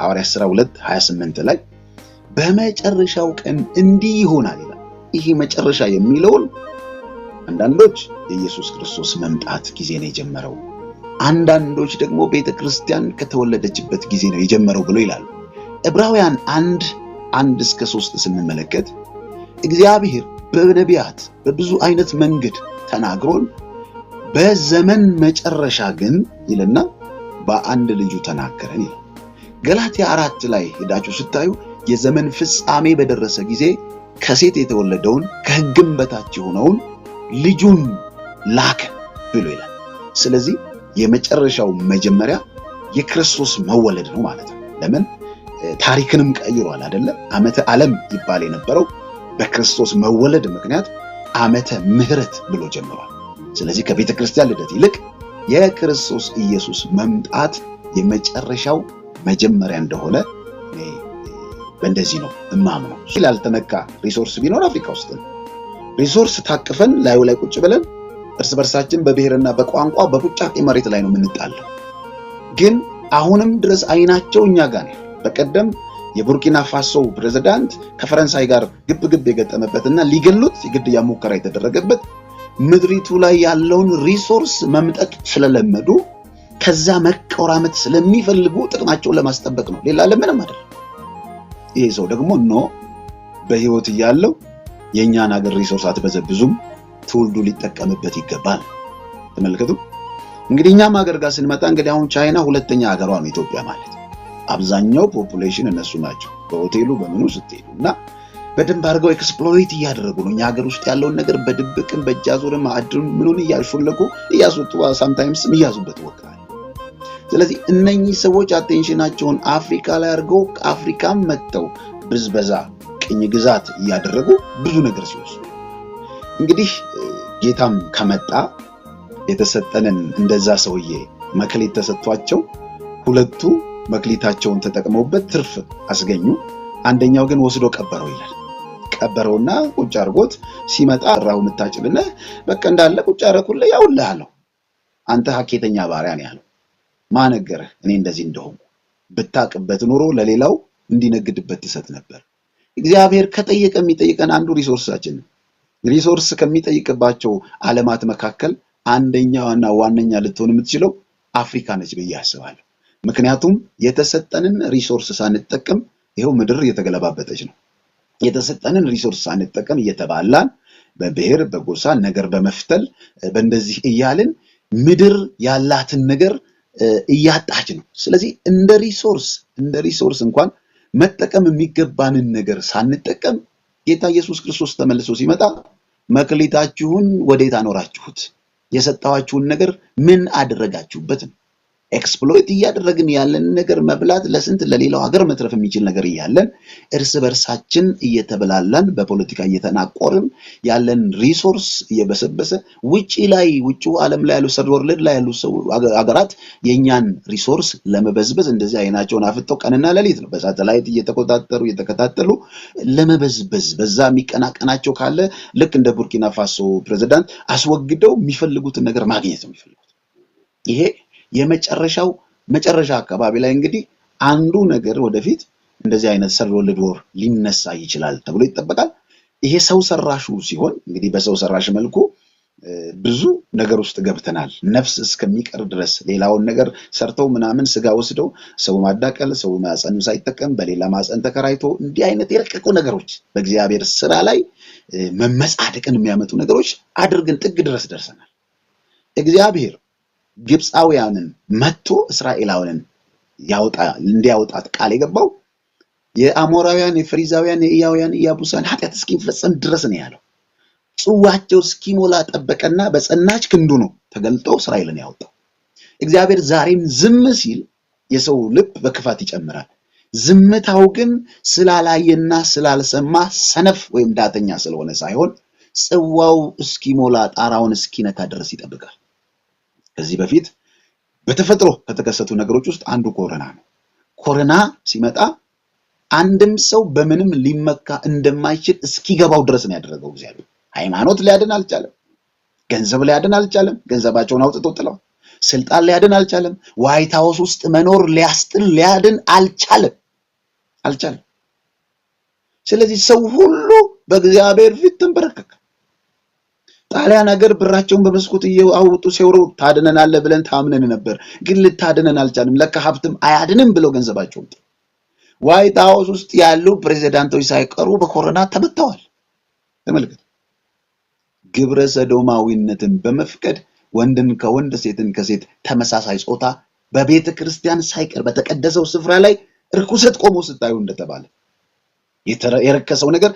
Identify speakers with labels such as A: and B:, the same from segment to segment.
A: ሐዋርያ ሥራ 2 28 ላይ በመጨረሻው ቀን እንዲህ ይሆናል ይላል። ይሄ መጨረሻ የሚለውን አንዳንዶች የኢየሱስ ክርስቶስ መምጣት ጊዜ ነው የጀመረው፣ አንዳንዶች ደግሞ ቤተ ክርስቲያን ከተወለደችበት ጊዜ ነው የጀመረው ብሎ ይላሉ። ዕብራውያን አንድ አንድ እስከ ሶስት ስንመለከት እግዚአብሔር በነቢያት በብዙ አይነት መንገድ ተናግሮን በዘመን መጨረሻ ግን ይልና በአንድ ልጁ ተናገረን ይላል። ገላትያ አራት ላይ ሄዳችሁ ስታዩ የዘመን ፍጻሜ በደረሰ ጊዜ ከሴት የተወለደውን ከሕግም በታች የሆነውን ልጁን ላከ ብሎ ይላል። ስለዚህ የመጨረሻው መጀመሪያ የክርስቶስ መወለድ ነው ማለት ነው። ለምን ታሪክንም ቀይሯል አይደለም? ዓመተ ዓለም ይባል የነበረው በክርስቶስ መወለድ ምክንያት ዓመተ ምሕረት ብሎ ጀምሯል። ስለዚህ ከቤተ ክርስቲያን ልደት ይልቅ የክርስቶስ ኢየሱስ መምጣት የመጨረሻው መጀመሪያ እንደሆነ በእንደዚህ ነው እማምነው። ላልተነካ ሪሶርስ ቢኖር አፍሪካ ውስጥ ነው። ሪሶርስ ታቅፈን ላዩ ላይ ቁጭ ብለን እርስ በርሳችን በብሔርና በቋንቋ በቁጫቄ መሬት ላይ ነው የምንጣለው። ግን አሁንም ድረስ አይናቸው እኛ ጋር ነው። በቀደም የቡርኪና ፋሶ ፕሬዝዳንት ከፈረንሳይ ጋር ግብ ግብ የገጠመበትና ሊገሉት የግድያ ሙከራ የተደረገበት ምድሪቱ ላይ ያለውን ሪሶርስ መምጠጥ ስለለመዱ ከዛ አመት ስለሚፈልጉ ጥቅማቸውን ለማስጠበቅ ነው። ሌላ ለምንም አይደለም። ይህ ሰው ደግሞ ኖ በህይወት እያለው የእኛን ሀገር ሪሶርስ አትበዘብዙም፣ ትውልዱ ሊጠቀምበት ይገባል። ተመልከቱ እንግዲህ እኛም ሀገር ጋር ስንመጣ እንግዲህ አሁን ቻይና ሁለተኛ ሀገሯ ነው ኢትዮጵያ ማለት አብዛኛው ፖፑሌሽን እነሱ ናቸው። በሆቴሉ በምኑ ስትሄዱ እና በደንብ አድርገው ኤክስፕሎይት እያደረጉ ነው። እኛ ሀገር ውስጥ ያለውን ነገር በድብቅም በእጃ ዞርም አድሩን ምኑን እያሾለኩ እያስወጡ ሳምታይምስም እያዙበት ወቅታል ስለዚህ እነኚህ ሰዎች አቴንሽናቸውን አፍሪካ ላይ አድርገው ከአፍሪካም መጥተው ብዝበዛ፣ ቅኝ ግዛት እያደረጉ ብዙ ነገር ሲወስዱ እንግዲህ ጌታም ከመጣ የተሰጠንን እንደዛ ሰውዬ መክሊት ተሰጥቷቸው ሁለቱ መክሊታቸውን ተጠቅመውበት ትርፍ አስገኙ። አንደኛው ግን ወስዶ ቀበረው ይላል። ቀበረውና ቁጭ አድርጎት ሲመጣ ራው የምታጭልነህ በቃ እንዳለ ቁጭ አረኩለ ያውልህ አለው። አንተ ሀኬተኛ ባሪያ ነው ያለው። ማነገረህ እኔ እንደዚህ እንደሆንኩ ብታቅበት ኖሮ ለሌላው እንዲነግድበት ትሰጥ ነበር። እግዚአብሔር ከጠየቀ የሚጠይቀን አንዱ ሪሶርሳችን ሪሶርስ ከሚጠይቅባቸው ዓለማት መካከል አንደኛዋና ዋነኛ ልትሆን የምትችለው አፍሪካ ነች ብዬ አስባለሁ። ምክንያቱም የተሰጠንን ሪሶርስ ሳንጠቀም ይኸው ምድር እየተገለባበጠች ነው። የተሰጠንን ሪሶርስ ሳንጠቀም እየተባላን በብሔር በጎሳ ነገር በመፍተል በእንደዚህ እያልን ምድር ያላትን ነገር እያጣች ነው። ስለዚህ እንደ ሪሶርስ እንደ ሪሶርስ እንኳን መጠቀም የሚገባንን ነገር ሳንጠቀም ጌታ ኢየሱስ ክርስቶስ ተመልሶ ሲመጣ መክሊታችሁን ወዴት አኖራችሁት? የሰጠኋችሁን ነገር ምን አደረጋችሁበት? ኤክስፕሎይት እያደረግን ያለን ነገር መብላት ለስንት ለሌላው ሀገር መትረፍ የሚችል ነገር እያለን እርስ በርሳችን እየተበላላን በፖለቲካ እየተናቆርን ያለን ሪሶርስ እየበሰበሰ ውጪ ላይ ውጭ ዓለም ላይ ያሉ ሰርድ ወርልድ ላይ ያሉ ሀገራት የእኛን ሪሶርስ ለመበዝበዝ እንደዚህ አይናቸውን አፍጠው ቀንና ሌሊት ነው በሳተላይት እየተቆጣጠሩ እየተከታተሉ ለመበዝበዝ በዛ የሚቀናቀናቸው ካለ ልክ እንደ ቡርኪና ፋሶ ፕሬዚዳንት አስወግደው የሚፈልጉትን ነገር ማግኘት ነው የሚፈልጉት ይሄ የመጨረሻው መጨረሻ አካባቢ ላይ እንግዲህ አንዱ ነገር ወደፊት እንደዚህ አይነት ሰርድ ወርልድ ዎር ሊነሳ ይችላል ተብሎ ይጠበቃል። ይሄ ሰው ሰራሹ ሲሆን እንግዲህ በሰው ሰራሽ መልኩ ብዙ ነገር ውስጥ ገብተናል። ነፍስ እስከሚቀር ድረስ ሌላውን ነገር ሰርተው ምናምን ስጋ ወስደው ሰው ማዳቀል፣ ሰው ማፀን ሳይጠቀም በሌላ ማፀን ተከራይቶ እንዲህ አይነት የረቀቁ ነገሮች በእግዚአብሔር ስራ ላይ መመጻደቅን የሚያመጡ ነገሮች አድርገን ጥግ ድረስ ደርሰናል። እግዚአብሔር ግብፃውያንን መቶ እስራኤላውያንን ያወጣ እንዲያወጣት ቃል የገባው የአሞራውያን፣ የፈሪዛውያን፣ የእያውያን የኢያቡሳን ኃጢአት እስኪፈጸም ድረስ ነው ያለው። ጽዋቸው እስኪሞላ ጠበቀና በጸናች ክንዱ ነው ተገልጦ እስራኤልን ያወጣው። እግዚአብሔር ዛሬም ዝም ሲል የሰው ልብ በክፋት ይጨምራል። ዝምታው ግን ስላላየና ስላልሰማ ሰነፍ ወይም ዳተኛ ስለሆነ ሳይሆን ጽዋው እስኪሞላ ጣራውን እስኪነካ ድረስ ይጠብቃል። ከዚህ በፊት በተፈጥሮ ከተከሰቱ ነገሮች ውስጥ አንዱ ኮረና ነው። ኮረና ሲመጣ አንድም ሰው በምንም ሊመካ እንደማይችል እስኪገባው ድረስ ነው ያደረገው። እግዚአብሔር ሃይማኖት ሊያድን አልቻለም። ገንዘብ ሊያድን አልቻለም። ገንዘባቸውን አውጥቶ ጥለው ስልጣን ሊያድን አልቻለም። ዋይት ሀውስ ውስጥ መኖር ሊያስጥል ሊያድን አልቻለም አልቻለም። ስለዚህ ሰው ሁሉ በእግዚአብሔር ፊት ተንበረከከ። ጣሊያን ሀገር ብራቸውን በመስኮት እየአውጡ ሲወረው ታድነናለህ ብለን ታምነን ነበር፣ ግን ልታድነን አልቻልም። ለካ ሀብትም አያድንም ብለው ገንዘባቸው ዋይት ሀውስ ውስጥ ያሉ ፕሬዚዳንቶች ሳይቀሩ በኮሮና ተመተዋል። ተመልከት። ግብረ ሰዶማዊነትን በመፍቀድ ወንድን ከወንድ ሴትን ከሴት ተመሳሳይ ጾታ በቤተ ክርስቲያን ሳይቀር በተቀደሰው ስፍራ ላይ ርኩሰት ቆሞ ስታዩ እንደተባለ የረከሰው ነገር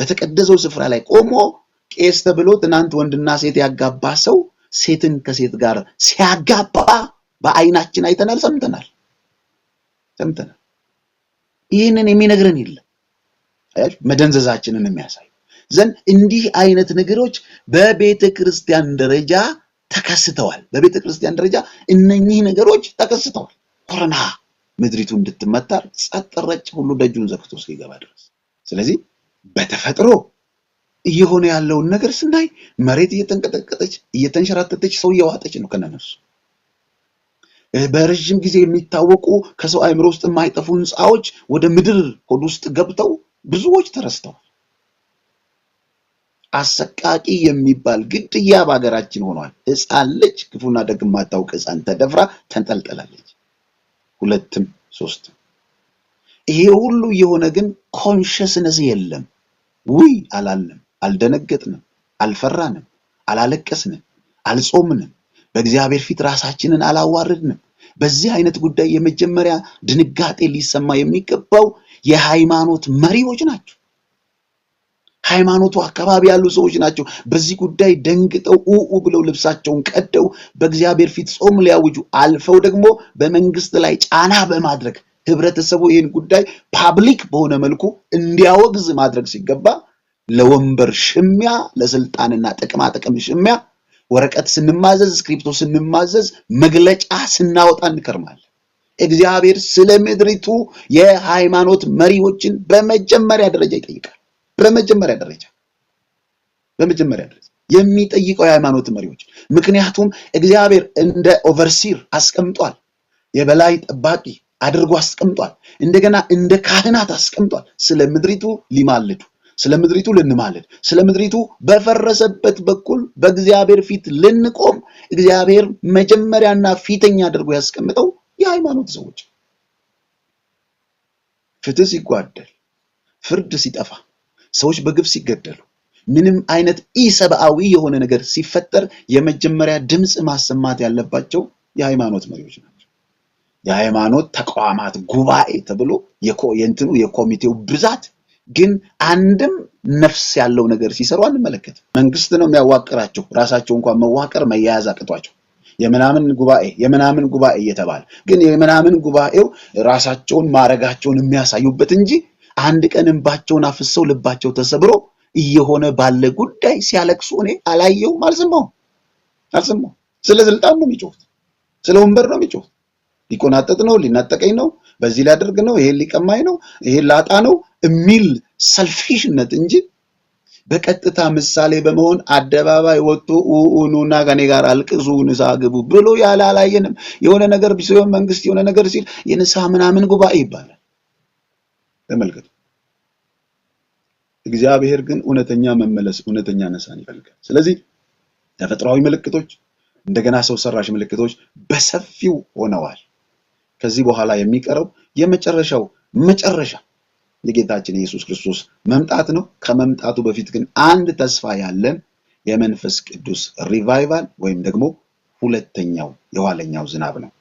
A: በተቀደሰው ስፍራ ላይ ቆሞ ቄስ ተብሎ ትናንት ወንድና ሴት ያጋባ ሰው ሴትን ከሴት ጋር ሲያጋባ በአይናችን አይተናል፣ ሰምተናል ሰምተናል። ይህንን የሚነግረን የለም መደንዘዛችንን የሚያሳይ ዘንድ እንዲህ አይነት ነገሮች በቤተ ክርስቲያን ደረጃ ተከስተዋል። በቤተ ክርስቲያን ደረጃ እነኚህ ነገሮች ተከስተዋል። ኮረና ምድሪቱ እንድትመታር ጸጥ ረጭ ሁሉ ደጁን ዘግቶ እስኪገባ ድረስ። ስለዚህ በተፈጥሮ እየሆነ ያለውን ነገር ስናይ መሬት እየተንቀጠቀጠች እየተንሸራተተች ሰው እየዋጠች ነው ከነነሱ በረዥም ጊዜ የሚታወቁ ከሰው አእምሮ ውስጥ የማይጠፉ ህንፃዎች ወደ ምድር ሆድ ውስጥ ገብተው ብዙዎች ተረስተዋል። አሰቃቂ የሚባል ግድያ በሀገራችን ሆኗል። ህፃን ልጅ ክፉና ደግ የማታውቅ ህፃን ተደፍራ ተንጠልጠላለች። ሁለትም ሶስትም። ይሄ ሁሉ የሆነ ግን ኮንሽስነስ የለም። ውይ አላለም። አልደነገጥንም፣ አልፈራንም፣ አላለቀስንም፣ አልጾምንም፣ በእግዚአብሔር ፊት ራሳችንን አላዋረድንም። በዚህ አይነት ጉዳይ የመጀመሪያ ድንጋጤ ሊሰማ የሚገባው የሃይማኖት መሪዎች ናቸው። ሃይማኖቱ አካባቢ ያሉ ሰዎች ናቸው። በዚህ ጉዳይ ደንግጠው ኡኡ ብለው ልብሳቸውን ቀደው በእግዚአብሔር ፊት ጾም ሊያውጁ አልፈው ደግሞ በመንግስት ላይ ጫና በማድረግ ህብረተሰቡ ይህን ጉዳይ ፓብሊክ በሆነ መልኩ እንዲያወግዝ ማድረግ ሲገባ ለወንበር ሽሚያ፣ ለስልጣንና ጥቅማ ጥቅም ሽሚያ ወረቀት ስንማዘዝ፣ እስክሪፕቶ ስንማዘዝ፣ መግለጫ ስናወጣ እንከርማለን። እግዚአብሔር ስለ ምድሪቱ የሃይማኖት መሪዎችን በመጀመሪያ ደረጃ ይጠይቃል። በመጀመሪያ ደረጃ በመጀመሪያ ደረጃ የሚጠይቀው የሃይማኖት መሪዎች ምክንያቱም እግዚአብሔር እንደ ኦቨርሲር አስቀምጧል። የበላይ ጠባቂ አድርጎ አስቀምጧል። እንደገና እንደ ካህናት አስቀምጧል። ስለ ምድሪቱ ሊማልዱ ስለ ምድሪቱ ልንማልድ፣ ስለ ምድሪቱ በፈረሰበት በኩል በእግዚአብሔር ፊት ልንቆም፣ እግዚአብሔር መጀመሪያና ፊተኛ አድርጎ ያስቀምጠው የሃይማኖት ሰዎች ፍትህ ሲጓደል፣ ፍርድ ሲጠፋ፣ ሰዎች በግፍ ሲገደሉ፣ ምንም አይነት ኢሰብአዊ የሆነ ነገር ሲፈጠር የመጀመሪያ ድምፅ ማሰማት ያለባቸው የሃይማኖት መሪዎች ናቸው። የሃይማኖት ተቋማት ጉባኤ ተብሎ የእንትኑ የኮሚቴው ብዛት ግን አንድም ነፍስ ያለው ነገር ሲሰሩ አንመለከትም። መንግስት ነው የሚያዋቅራቸው። ራሳቸው እንኳን መዋቅር መያያዝ አቅቷቸው የምናምን ጉባኤ የምናምን ጉባኤ እየተባለ ግን የምናምን ጉባኤው ራሳቸውን ማረጋቸውን የሚያሳዩበት እንጂ አንድ ቀን እንባቸውን አፍሰው ልባቸው ተሰብሮ እየሆነ ባለ ጉዳይ ሲያለቅሱ እኔ አላየሁም፣ አልሰማሁም አልሰማሁም። ስለ ስልጣን ነው የሚጮሁት፣ ስለ ወንበር ነው የሚጮሁት። ሊቆናጠጥ ነው፣ ሊናጠቀኝ ነው፣ በዚህ ሊያደርግ ነው፣ ይሄን ሊቀማኝ ነው፣ ይሄን ላጣ ነው የሚል ሰልፊሽነት እንጂ በቀጥታ ምሳሌ በመሆን አደባባይ ወጥቶ ኑና ከኔ ጋር አልቅሱ ንሳ ግቡ ብሎ ያለ አላየንም። የሆነ ነገር ሲሆን መንግስት የሆነ ነገር ሲል የንሳ ምናምን ጉባኤ ይባላል። ተመልከቱ። እግዚአብሔር ግን እውነተኛ መመለስ፣ እውነተኛ ነሳን ይፈልጋል። ስለዚህ ተፈጥሯዊ ምልክቶች፣ እንደገና ሰው ሰራሽ ምልክቶች በሰፊው ሆነዋል። ከዚህ በኋላ የሚቀረው የመጨረሻው መጨረሻ የጌታችን ኢየሱስ ክርስቶስ መምጣት ነው። ከመምጣቱ በፊት ግን አንድ ተስፋ ያለን የመንፈስ ቅዱስ ሪቫይቫል ወይም ደግሞ ሁለተኛው የኋለኛው ዝናብ ነው።